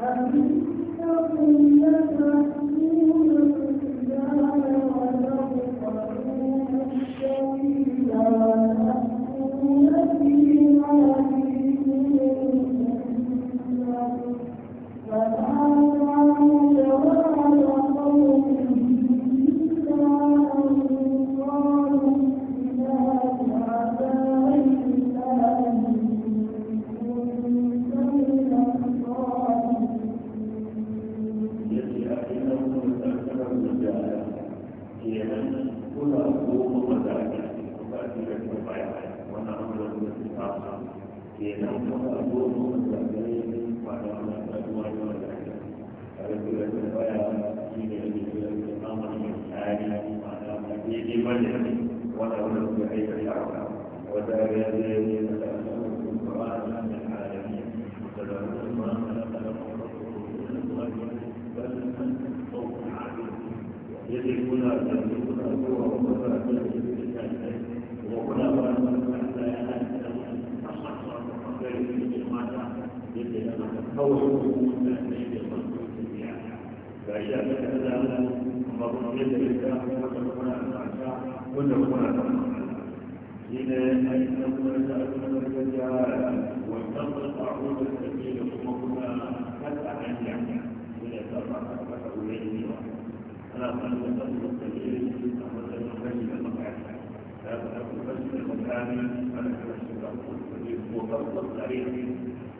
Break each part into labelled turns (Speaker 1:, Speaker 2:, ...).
Speaker 1: أَنَّهُ لَمَسَّ
Speaker 2: مثل أو حكم النبي فأشياء مثل هذا مرة يد الإسلام وتكون الأعشاء وتكون إلى أن تكون تأكل الدجال وتنطق عروض السبيل ثم كنا فتح عن يعني إلى ترفع فتح إليه أنا أقول لك السبيل أخذ المخشب المقعد هذا أخذ المخشب المقعد أنا أخذ المخشب المقعد وقد قلت عليه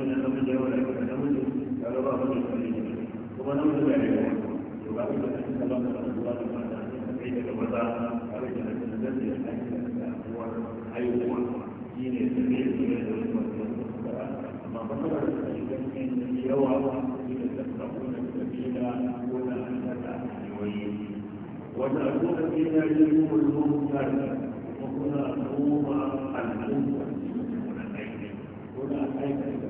Speaker 2: wannan namiji da yawan ayyukan namiji ya raba wani kwalli kuma namiji da yawa to ba da da zuwa da mata a kai daga maza a da da shi ne ne ne da wani amma ba kuma da yawa ne da kuma da ko da da wanda a kuma ya yi kuma da kuma da kuma kuma da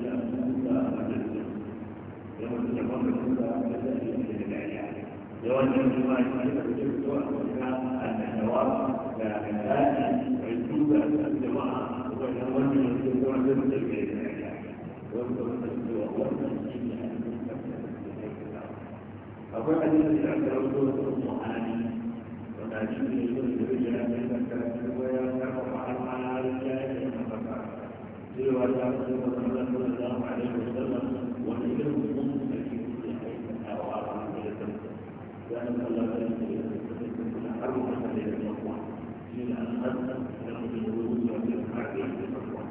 Speaker 2: yawancin kuma shi ne da kuke fito a cikin da da da da da da da akwai hadisi da aka rauto da kuma hannu wanda shi ne yau da rikin da ya karfi bayan على رسول الله صلى الله عليه وسلم وهي المصنف في كل حيث او على مدينه لان الله ذلك حرم عليه التقوى من ان قد ياخذ الوجود من الحاكم بالتقوى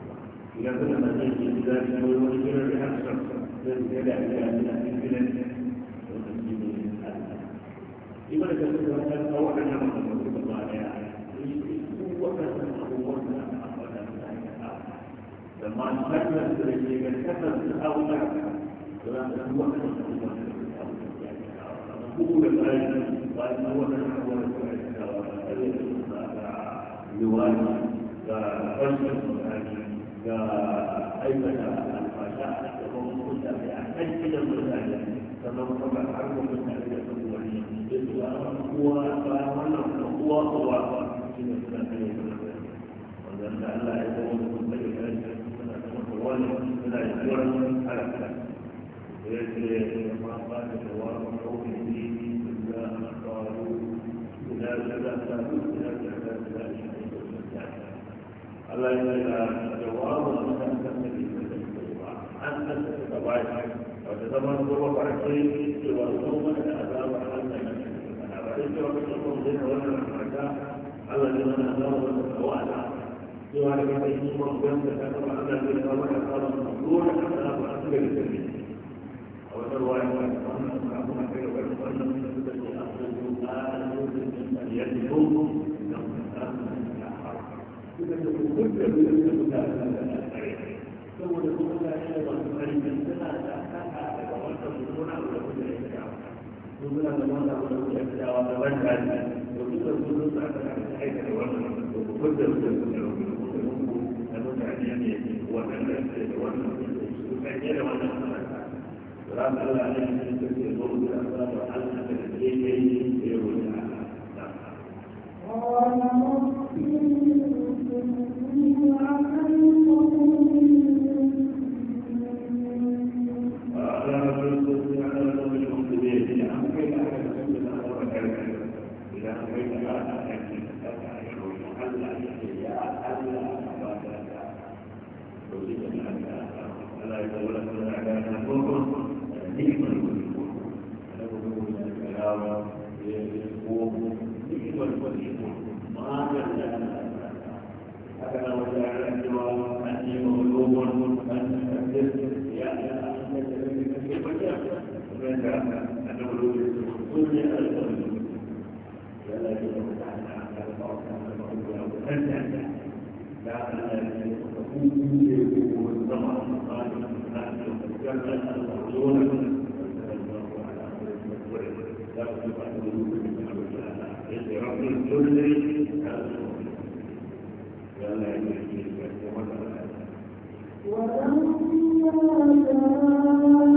Speaker 2: اذا كنا نتيجه لذلك والمشكله باكثر ذلك لا اله الا الله لما نفكر في الشيء نفكر في الأولى فلان هو نقول الآية وأن هو تحول لواجه كفشل مكاني كأيضا الفاشاء وهم كل أحد كده من الأهل فلو طبع حرب من أهل الأولين هو فأنا هو هو في المسألة وأن الله يقول wani suna yiwuwar halaka da ya ce ya fata da wani kawai ne da za a faru da za a faru da za a faru da za a Allah ya ce da jawabu a kan kasance da ba an kasance da ba shi wata zaman zuwa farko cewa zuwa da azabar Allah ya ce ba da cewa kasance da wannan mata Allah ya ce da azabar da wa'ala cewa da kai shi ko ban da ta kuma da da da da da da da da da da da da shi da da da da da da da da ne Allah ya yi wa da wannan da su kan da wannan da su kan yi da wannan da da wannan da su kan da wannan da su kan yi da wannan da su kan yi da wannan da su
Speaker 1: kan yi da wannan
Speaker 2: وَلَمَّا
Speaker 1: جَاءَ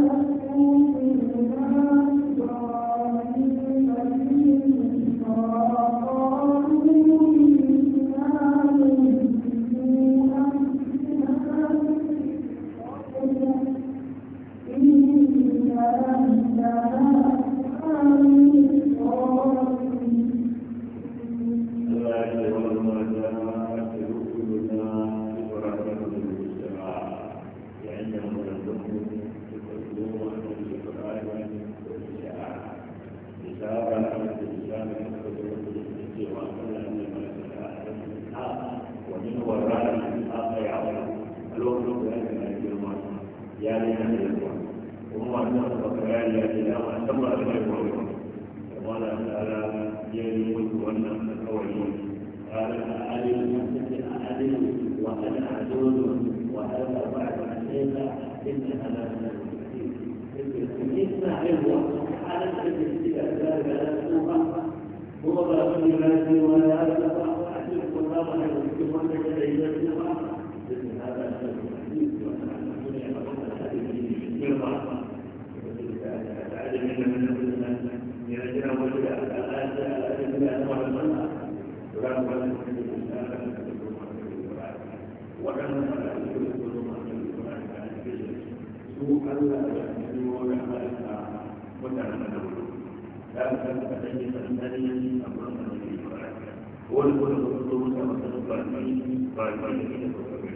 Speaker 2: wani wani wani zo musa masa da baki baki da ke da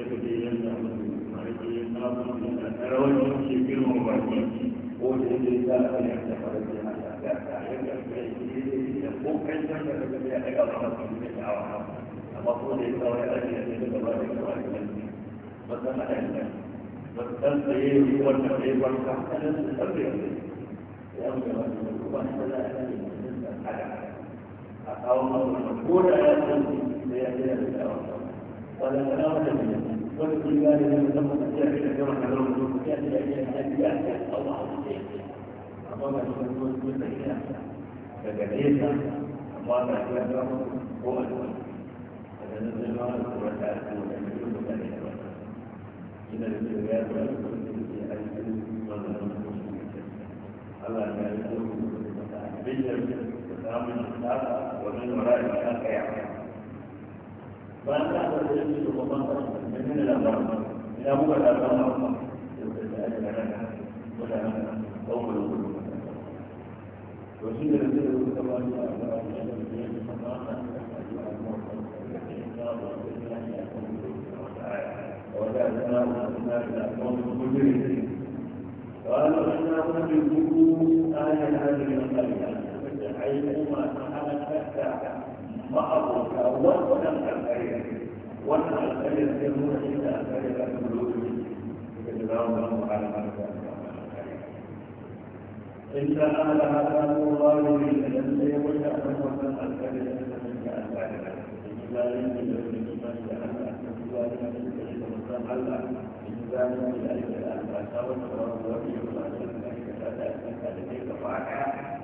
Speaker 2: ya ka je yan da mutu ma ya ke yan da mutu yana tarawar da ke girma baki ko da ya ke da aka yi da fara da ya ga ta ya a' ta ya ke da ko kan da da da da da da ne ba ka da ya da Awa, ya yi da a na ta ake أمام الإسلام ومن وراء الإسلام كيعمل فأنا أقول لك من هنا لا مرة من أبوك لا مرة وسيلة الذين يتبعون الله وجعلنا وصلنا الى قوم مجرمين
Speaker 3: قالوا انا نملك
Speaker 2: ايه هذه القريه haihuwa na halakar da ma'abota wannan kankare wannan alkalin zai nuna shi da alkalin da su lokaci da ke zama da mu halakar da in ta ana da haka ko ba da yi da yan zai wata kan wannan alkalin da ta fi da alkalin da su lokaci da su lokaci da su lokaci da su lokaci da su lokaci da su lokaci da su lokaci Gracias.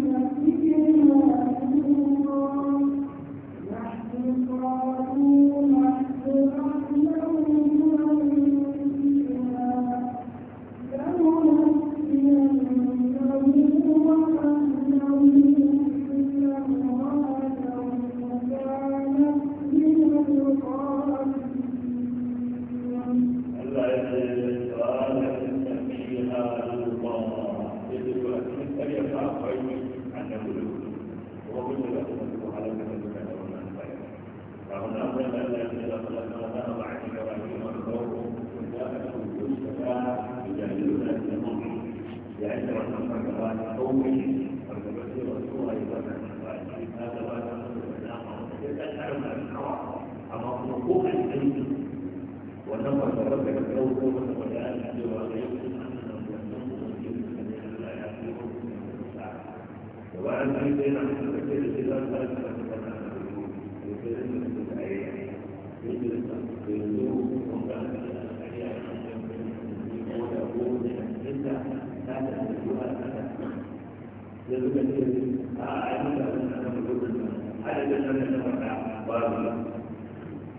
Speaker 1: أن أنزل فكر الكتاب لا
Speaker 2: تتكلم عن الوجود يتكلم عن العين يجلس في الوجود وكان الأحياء ويقول إلا هذا الجهاد يجب أن يجب أعلم أن أنا موجود على جنة المرأة قال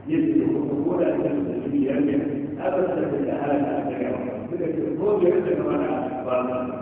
Speaker 2: يجب أن يقول أن التسليم أبدا بالأهالي أبدا هو يجب أن يقول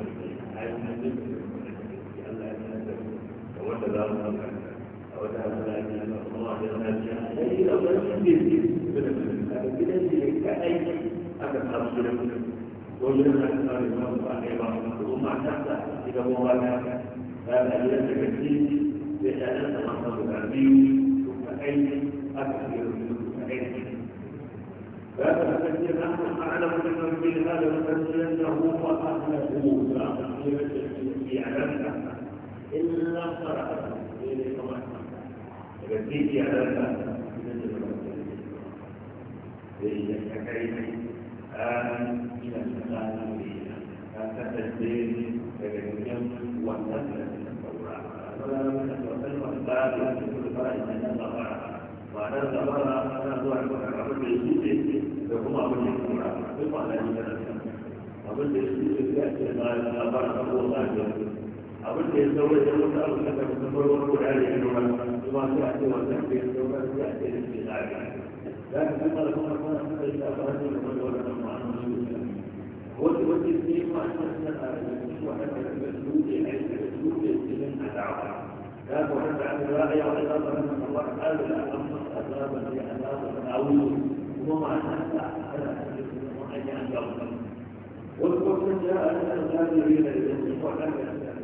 Speaker 2: وجدنا الإمام الإمام عليه رحمه الله مع نفسه إذا هو هذا هذا ليس كثير لأن المنطق العربي ثم أين أكثر من أين فهذا التفسير نحن أعلم أن من هذا التفسير أنه هو أهله فأخذ في علمنا إلا خلقه ne ne ne na da ya ka kasance daga ya zuce da kuma da أقول لي الزوجة يقول أرض لك بالتفر وقول علي أنه ما تأتي وتأتي وما تأتي الاستغاثة لكن أنا لكم أكون أكثر إذا أخرجت من الدولة المعنى هو تودي الاثنين ما أشتغل على المشروع حتى المسؤول يعيش المسؤول يستلم على عقله لا تحب عن الراعي وإذا ظننت الله تعالى لا أمسك أسبابا لأسبابا أعوذ وما أنا أنا أن يعلم واذكر من جاء من الغادرين للجنة وحكم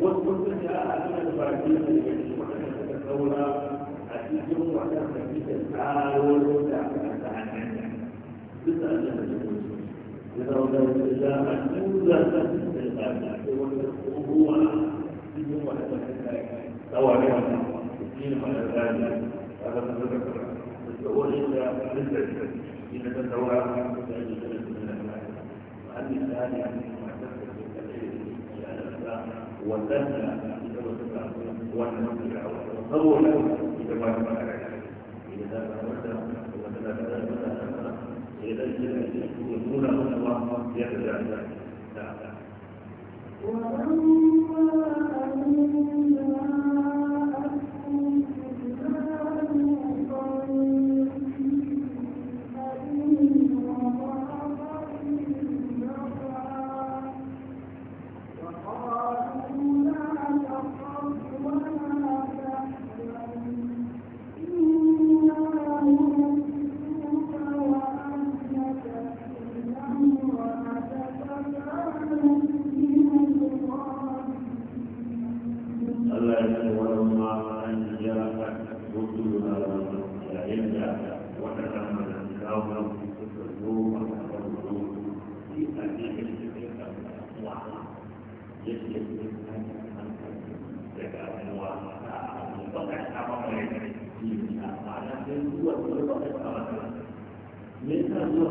Speaker 2: wasu wasu da a suna da baki da daga cikin waɗanda suka saura a cikin waɗanda suke tsaro da aka ta hanyar da Allah da
Speaker 3: cikin su ya zama da wata da a tura ta
Speaker 2: da tsada ko wata ruwa cikin waɗanda suka tsawa da wata shi ne mana tsada a zama da wata da wani da rinda da ita ta saura da ake wadanda
Speaker 3: ita da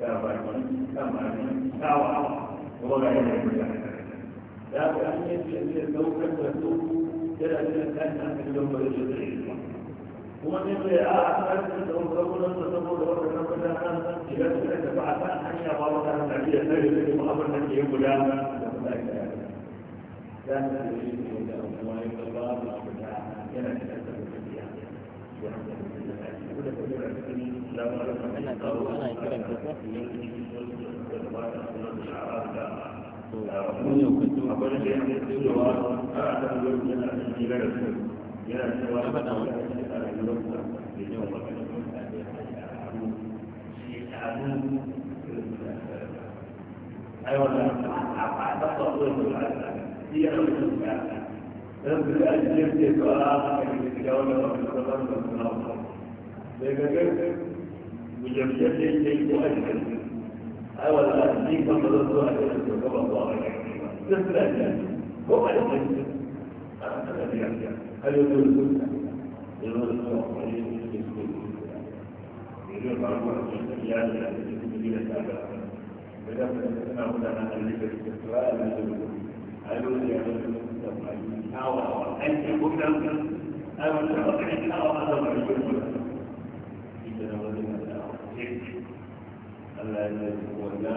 Speaker 2: كابرمان كمان كاوى وغير ذلك لا بأن لو كان مسلوب كلا كلا كان في اليوم الجزائري ومن يقول آه أنت أمرنا تصور ربنا فلا إذا كنت بعثا أن يقال أن النبي سيد المؤمن أن يقول لا كان يريد أن يقول الله كان يتكلم في الدنيا ana kawo ana a bari da da da da da وجمعيته يجب أن يكون أول أهلين فمرضوا أهلين كما الله نسل أهلين هو أهلين هل يدور السنة؟ يدور السنة يدور السنة يدور السنة shirki Allah da da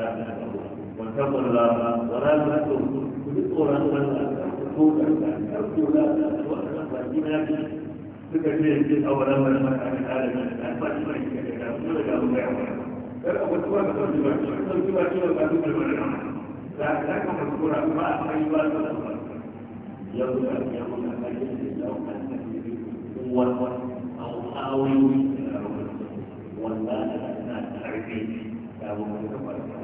Speaker 2: saboda da kuma yi واتقوا الله ولا تكتموا تذكر تقول تقول تقول تكفيه في أول أول ما كان العالم الآن ما تسمع كذا ولا قالوا لا ولا أول سؤال تقول ما تقول ما تقول ما تقول ما تقول لا لا كم تقول ما ما يقول ما تقول يوم يوم ما يجلس يوم ما هو أو أو والله أنا أعرف أبو بكر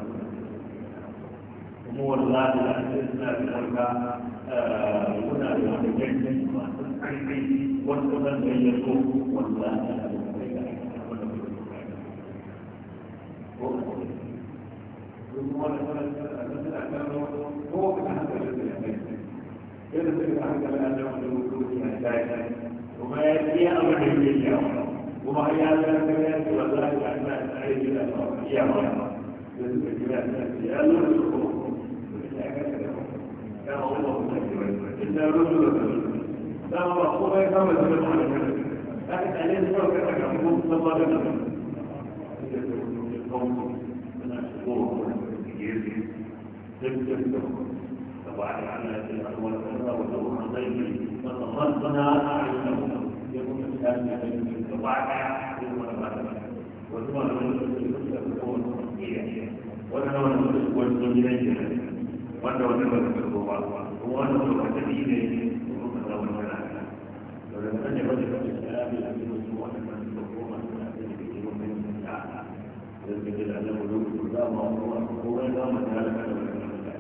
Speaker 3: mu wallahi da ake suna da karka muna da wani gani masu karfi wani kusan da ya so wallahi da ake kai da
Speaker 2: ake iya abin da وما هي هذا الكلام الله يا مريم لازم الكلام
Speaker 3: الله إلا رجل لا هو كما تبقى على كذا لكن عليه الصلاة والسلام
Speaker 2: يقول صلى الله عليه وسلم وعن عملة الأموال والأموال والأموال والأموال فتصدنا أعينهم يكون الإسلام يجب أن يتواقع في المنافسة وثم نقول الإسلام يكون مستقيما ونحن نقول الإسلام يجب wanda wani ba su ko ba ko wanda ba ta yi ne ko ba ta wani kana to da kan ba ta da da su ko wanda ba su ba su da ke yi wannan da da da da ma ko ko da ma da ka da wannan da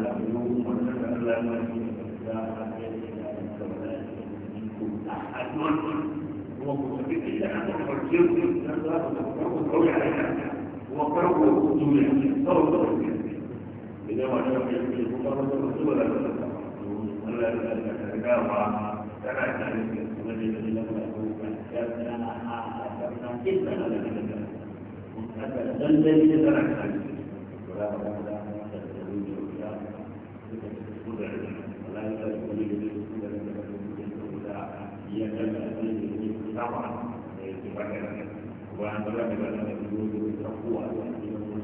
Speaker 2: da da da ya yi da ka da da da ta da da da da ya idan ba ta fiye fiye kuma ta mutu ba za ta Allah ya ta ta ne ne da ta ya ta na a a ta kin da na da ta ta dan dan ne ta ta ta ta ta ta ta ta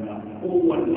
Speaker 2: ta ta ta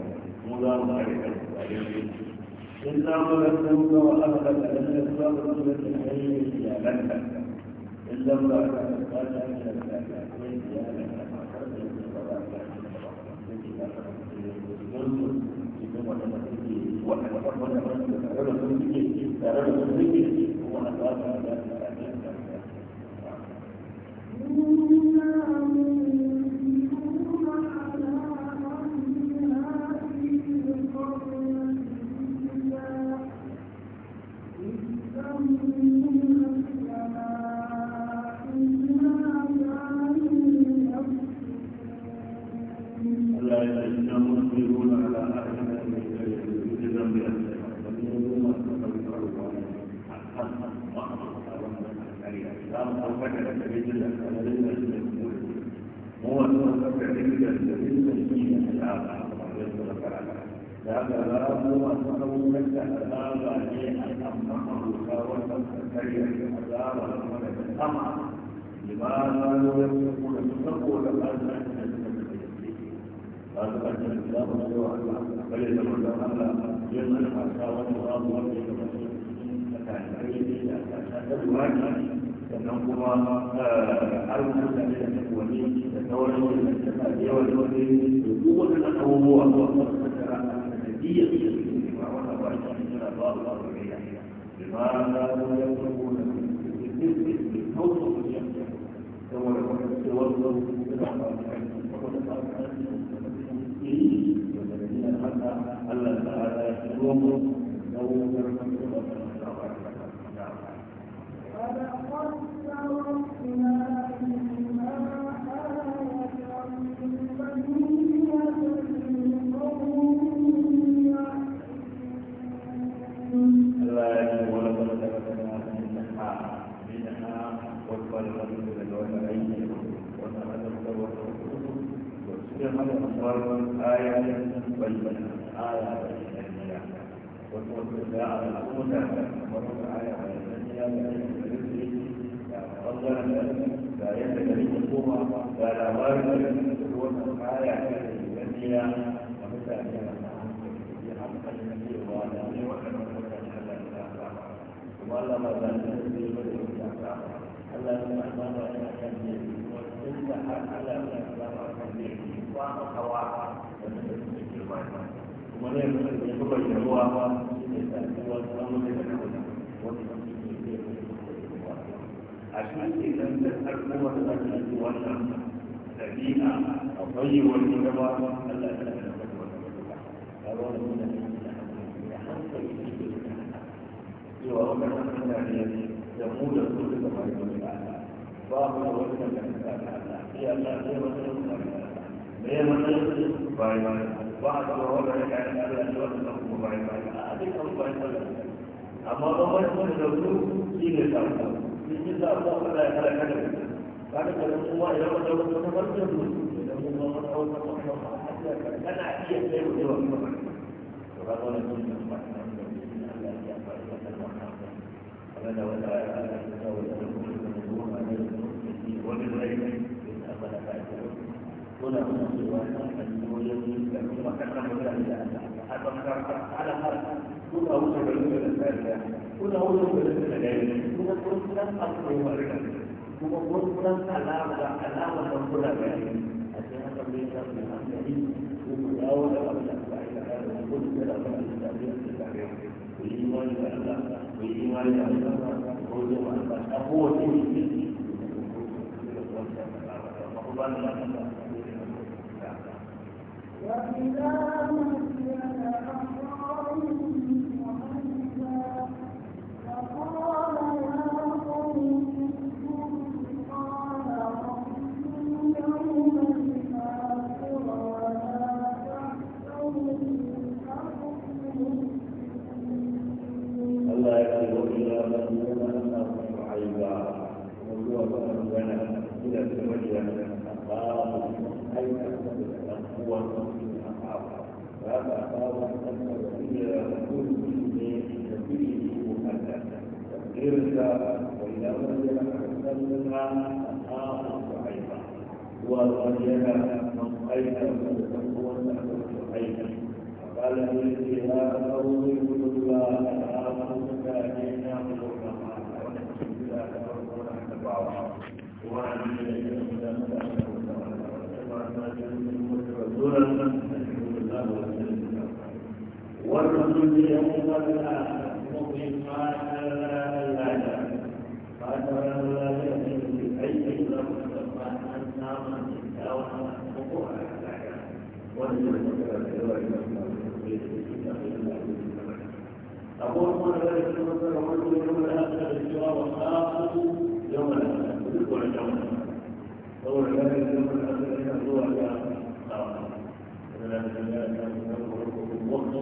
Speaker 2: mu zama ma da su ba za ka da ke da ka don su ke da ke wata wata
Speaker 3: da
Speaker 1: sun a
Speaker 2: da ga ramu masu abubuwan da azaba ne a kan maharuka wannan karkaryar da azaba kuma daga sama yi wani kuma saboda Allah da suka قال فأنت الكتاب وسوى فليس من الله yi حتى وجه الله وجه المسلمين فكان عليه أن تدعو sannan kuma eh, arzikin da ya tafi wani da sauran yin da ta da yawa da wani da duk wani na abubuwa ko a wasu tattara da biyar da su ne ba wata ba shi ne yana ba wa ba ya yi ba na kuma ya tafi da su ta ta ya saboda kwanciyar wasu suna ba su ta ta ba su kai su ta da da ta Allah ta'ala ya ruwa mu da ta kwanciyar Wata wata da ya ala'uta, wata ta aya a yanzu ya magana da ga yadda gari ta koma ga labarin da da wannan da ta da ganniya da mutane a hankali ya hankali na cewa da ne waɗannan mutane da ya sa kuma Allah ma da ta zai ba da da sa Allah ya sa ba da ya kan ne wannan da har Allah ya sa da kan ne ba ka kawa da da suke girma kuma ne da ya kuma yawa ba shi ne da kuma wannan da kuma wannan da kuma amma ba wani wani da su shi ne samun cikin da ta da kare ka rubu wa ya wata wata ta barkin mu da mu ma wata wata ta kana iya mu kuma to wannan mun da ba ta da Allah ya fara da wannan kada da wata wata da da da wani rai ne da da da da kuma kan da Allah ala da da kuna wani gudun da gani kuma kun san akwai warka kuma kun san
Speaker 1: a
Speaker 2: Wani ce a cikin da suka yi a cikin ɗan yaro.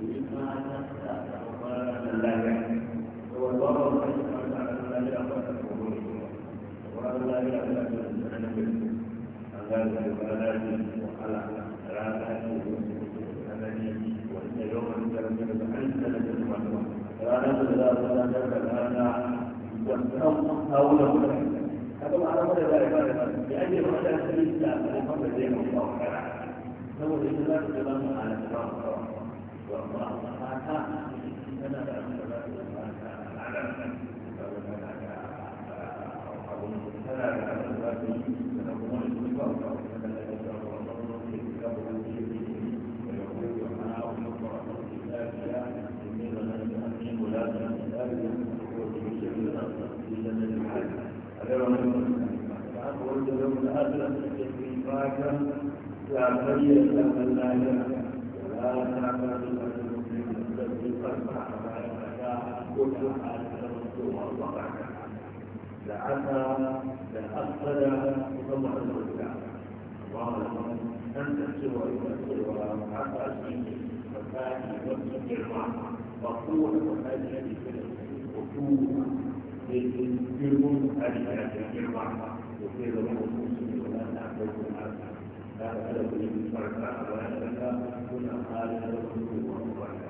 Speaker 2: saboda ita za ta zama a لا تجد أن لا يعلم ولا تعمل كل على المكتوب الله لعسى لأفسد وطلع الرجع قال أن تحسوا ويؤثرها حتى أسلمه فكان يوسع مقطوعا وهذه الخطوط يلزمون هذه الجماعة وفي الرموز ولا نعبد هذا هذا الذي فرق على هذا كنا قال له
Speaker 3: الله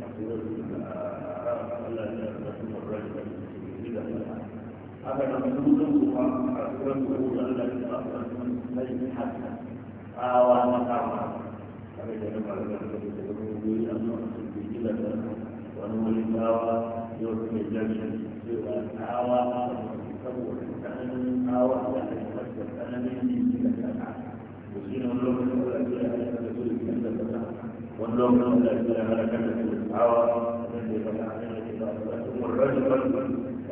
Speaker 2: تنظر وقام حسن وقول الله تعالى من حسن آوى مقام فإذا لم ونقول الآوى يوسف الجمش سوى الآوى تصور كأن آوى لا يفكر أنا مني لك وسين اللوم الأولى بلا هلكة تقول كذا واللوم الأولى بلا هلكة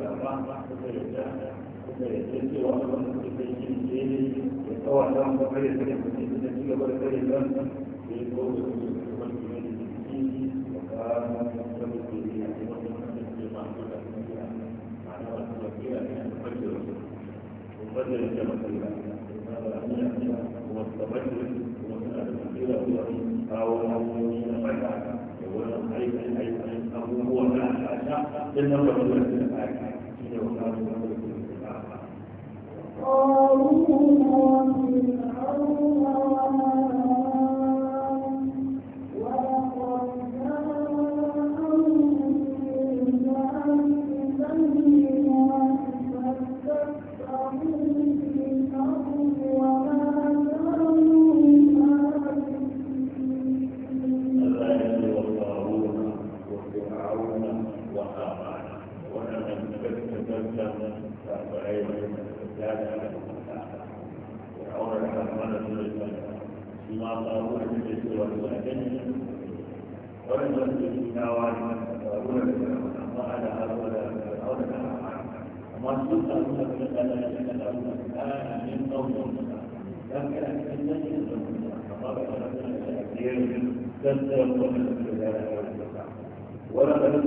Speaker 2: gaba suka da wanda kare da a ba a abubuwan da aka
Speaker 1: قالوا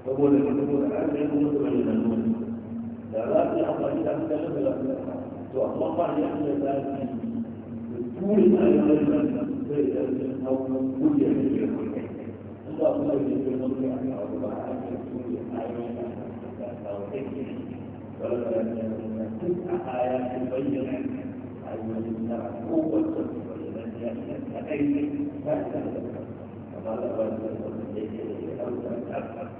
Speaker 2: saboda ka saboda an sai kuma su da da za su yi amfani da hankali da to amma ba ya da za su yi turi na yi da da su yi da yi da su yi a kan abu yi da kawo aiki wani da ya fi da duk a kaya sun bayyana yi kowace bayyana da da da da da da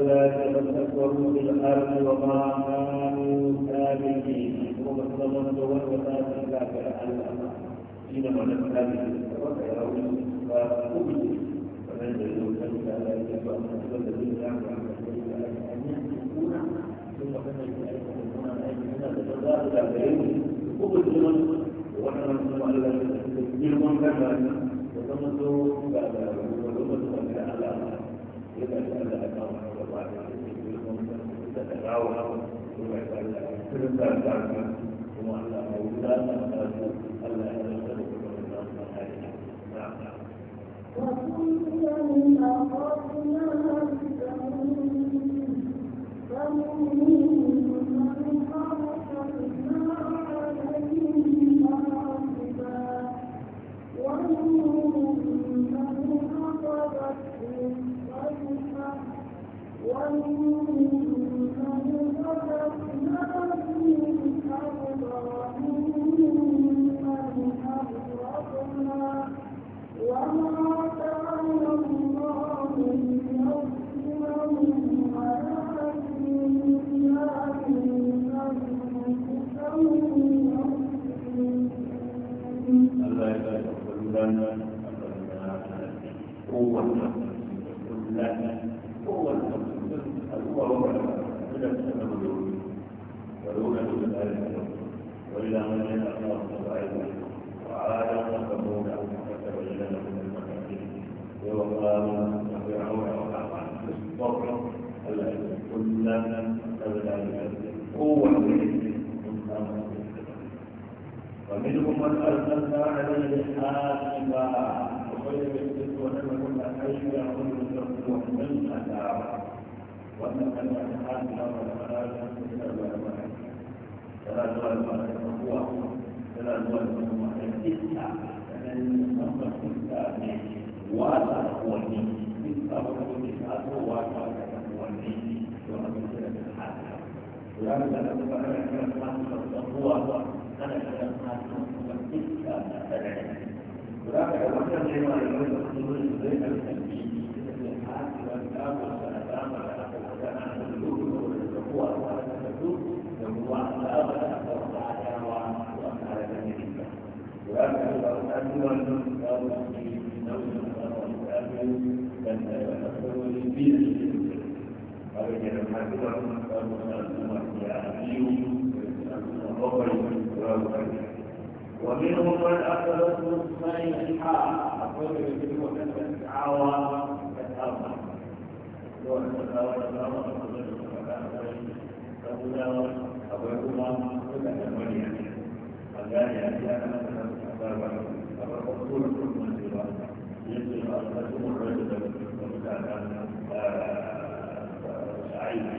Speaker 2: ألا تتفكروا في الأرض وما كانوا سابقين ومثل من دون وسابق لا كأن حينما نستهدف ذلك على يد الذين يعملون عن أن يحكمون ثم كما يتعلمون
Speaker 3: عن أيدينا
Speaker 2: تتداخل عليهم قبل لمن ونحن نسلم على منهم كما وتمسوا بعد ولمسوا على الله إذا كان ذلك
Speaker 1: وكل من أخاف
Speaker 2: ومنهم من أرسلنا عليه حاسبا وخير الذكر ولكن أيضا هم يتقون من أتاه وأنك لا تحاسب ولا تحاسب إلا بالمعروف فلا تؤمن بالقوة فلا تؤمن بالإسلام فمن نصر الإسلام واسع هو الدين إسلام الإسلام واسع هو الدين وأنك لا تحاسب ولكن لا تؤمن بالقوة da you. ومنهم من أخذت نصفين الحاء أخرجه في المكتب عوام كالأربع دون تداول الأربع فهو أبو عمر كلها وليا وذلك كان مثلا أبا فالرسول كل من سواه يجب أن تكون رجلا ومكانا سعيدا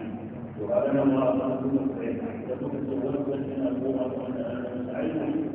Speaker 2: وقال لنا الله أن تكون سعيدا تكون الزهور من أبوها وأن سعيدا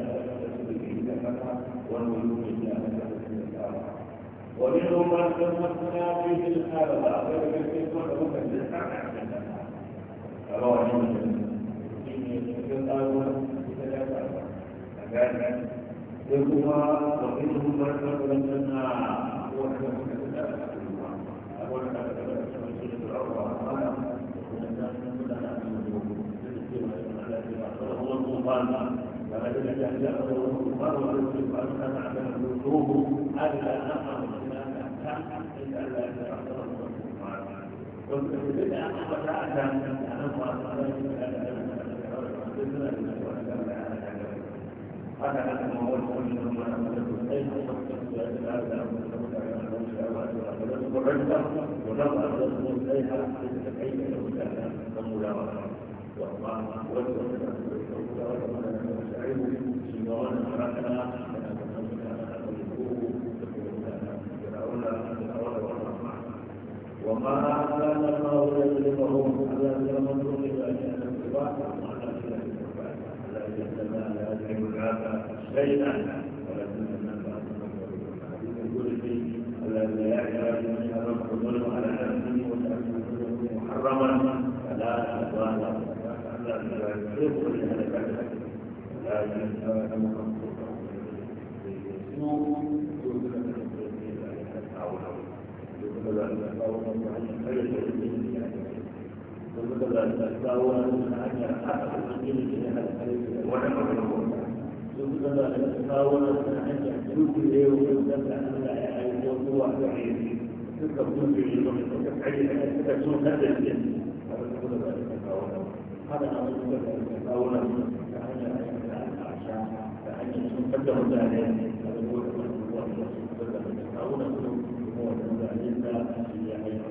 Speaker 2: والملوك إلا أن ومنهم من تمسنا به الحلقة فلك كيف تمسك بالحلقة وكما ومنهم من تمسنا وكما ولكن الذي أخذه الكفار والرسل وأسلم على الوجوه ألا نقل من الأحكام إلا الذي أخذه الكفار والبدع وتعلم أن الله هذا كان الموضوع منهم من أين حصلت هذا وعندهم ونظر لهم إليها حتى كيف لو كان الملاومة والله وجه وما كان الله يظلمهم الا لمن ظلم ان يتقوا الله وعلى الله لا يتمنى لا يتمنى شيئا kawunan su na hanyar dukkan da yau da zan da Allah ya aiko zuwa ga suka yi suka da da a da suka da suka ta hanyar da al'asha ta hanyar mutane a wata kuma da suka kuma da ya aiko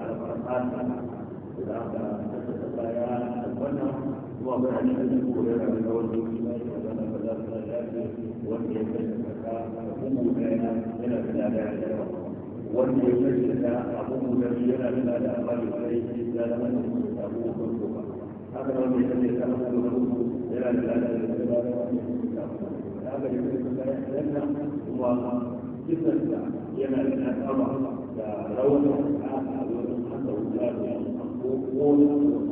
Speaker 2: wanda ya kashe da abun da yana da da amali sai ya zama da abu ya da yana da da da da da kuma yana da da da raunin a abin haka wuta da yin ko wani abu da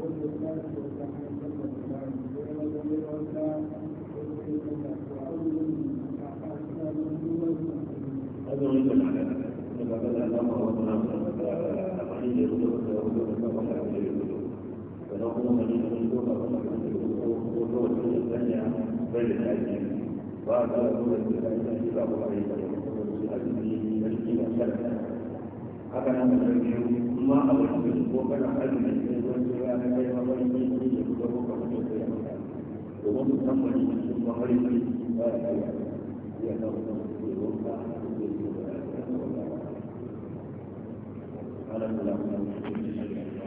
Speaker 4: Thank you.
Speaker 3: madina ya fito da hudu
Speaker 2: da kuma da abin da ko a tsara kuma da ta yi tashi ba ko ko a ورحمة الله وبركاته